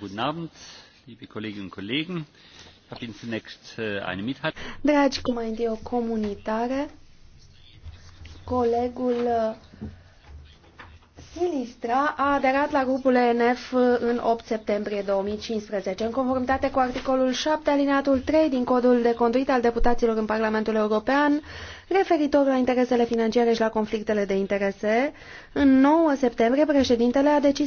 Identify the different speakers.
Speaker 1: Äh,
Speaker 2: Dragi, cum mai întâi o comunitare, colegul uh, Silistra a aderat la grupul ENF uh, în 8 septembrie 2015. În conformitate cu articolul 7 alineatul 3 din codul de conduită al deputaților în Parlamentul European, referitor la interesele financiare și la conflictele de interese, în 9 septembrie președintele a decis